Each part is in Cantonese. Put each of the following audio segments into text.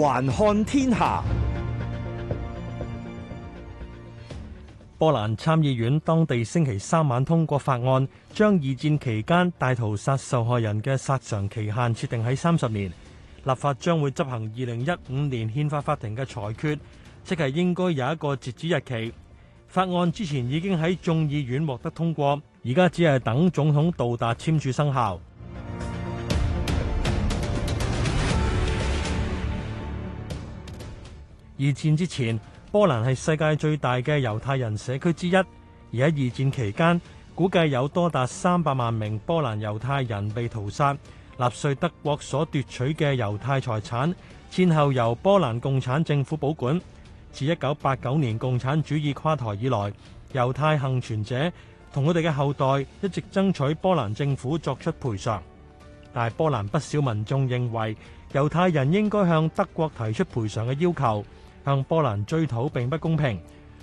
環看天下，波蘭參議院當地星期三晚通過法案，將二戰期間大屠殺受害人嘅索償期限設定喺三十年。立法將會執行二零一五年憲法法庭嘅裁決，即係應該有一個截止日期。法案之前已經喺眾議院獲得通過，而家只係等總統杜達簽署生效。二戰之前，波蘭係世界最大嘅猶太人社區之一。而喺二戰期間，估計有多達三百萬名波蘭猶太人被屠殺。納粹德國所奪取嘅猶太財產，戰後由波蘭共產政府保管。自一九八九年共產主義垮台以來，猶太幸存者同佢哋嘅後代一直爭取波蘭政府作出賠償。但係波蘭不少民眾認為，猶太人應該向德國提出賠償嘅要求。向波蘭追討並不公平。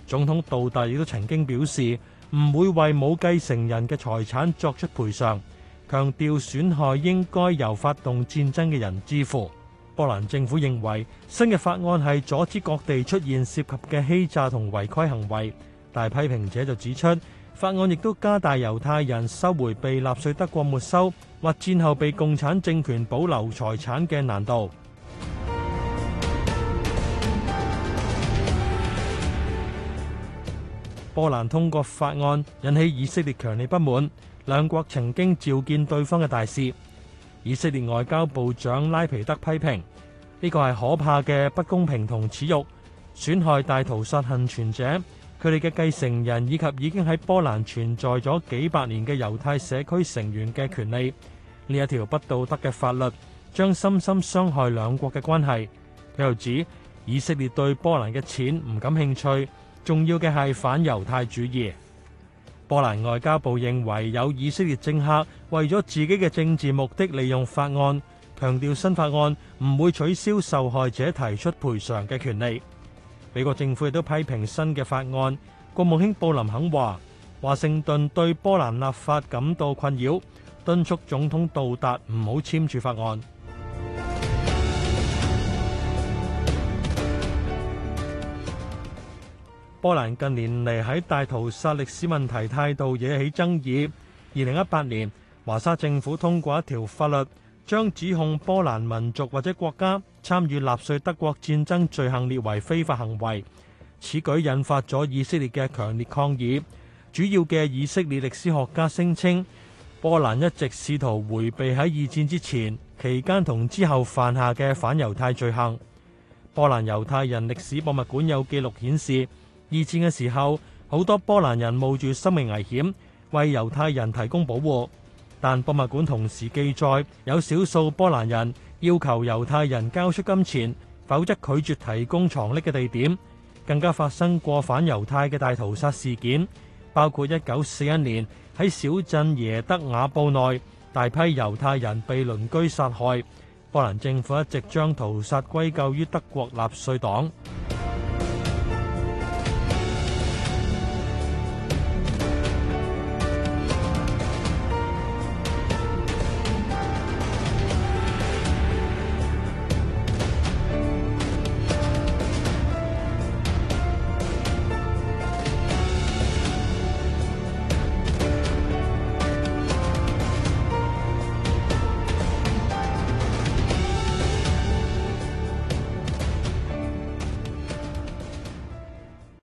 總統杜達亦都曾經表示，唔會為冇繼承人嘅財產作出賠償，強調損害應該由發動戰爭嘅人支付。波蘭政府認為新嘅法案係阻止各地出現涉及嘅欺詐同違規行為，但批評者就指出，法案亦都加大猶太人收回被納粹德國沒收或戰後被共產政權保留財產嘅難度。波蘭通過法案引起以色列強烈不滿，兩國曾經召見對方嘅大使。以色列外交部長拉皮德批評呢個係可怕嘅不公平同恥辱，損害大屠殺幸存者、佢哋嘅繼承人以及已經喺波蘭存在咗幾百年嘅猶太社區成員嘅權利。呢一條不道德嘅法律將深深傷害兩國嘅關係。佢又指以色列對波蘭嘅錢唔感興趣。重要嘅係反猶太主義。波蘭外交部認為有以色列政客為咗自己嘅政治目的利用法案，強調新法案唔會取消受害者提出賠償嘅權利。美國政府亦都批評新嘅法案。國務卿布林肯話華盛頓對波蘭立法感到困擾，敦促總統杜達唔好簽署法案。波蘭近年嚟喺大屠殺歷史問題態度惹起爭議。二零一八年，華沙政府通過一條法律，將指控波蘭民族或者國家參與納粹德國戰爭罪行列為非法行為。此舉引發咗以色列嘅強烈抗議。主要嘅以色列歷史學家聲稱，波蘭一直試圖回避喺二戰之前、期間同之後犯下嘅反猶太罪行。波蘭猶太人歷史博物館有記錄顯示：二戰嘅時候，好多波蘭人冒住生命危險為猶太人提供保護，但博物館同時記載有少數波蘭人要求猶太人交出金錢，否則拒絕提供藏匿嘅地點，更加發生過反猶太嘅大屠殺事件，包括一九四一年喺小鎮耶德瓦布內大批猶太人被鄰居殺害，波蘭政府一直將屠殺歸咎於德國納粹黨。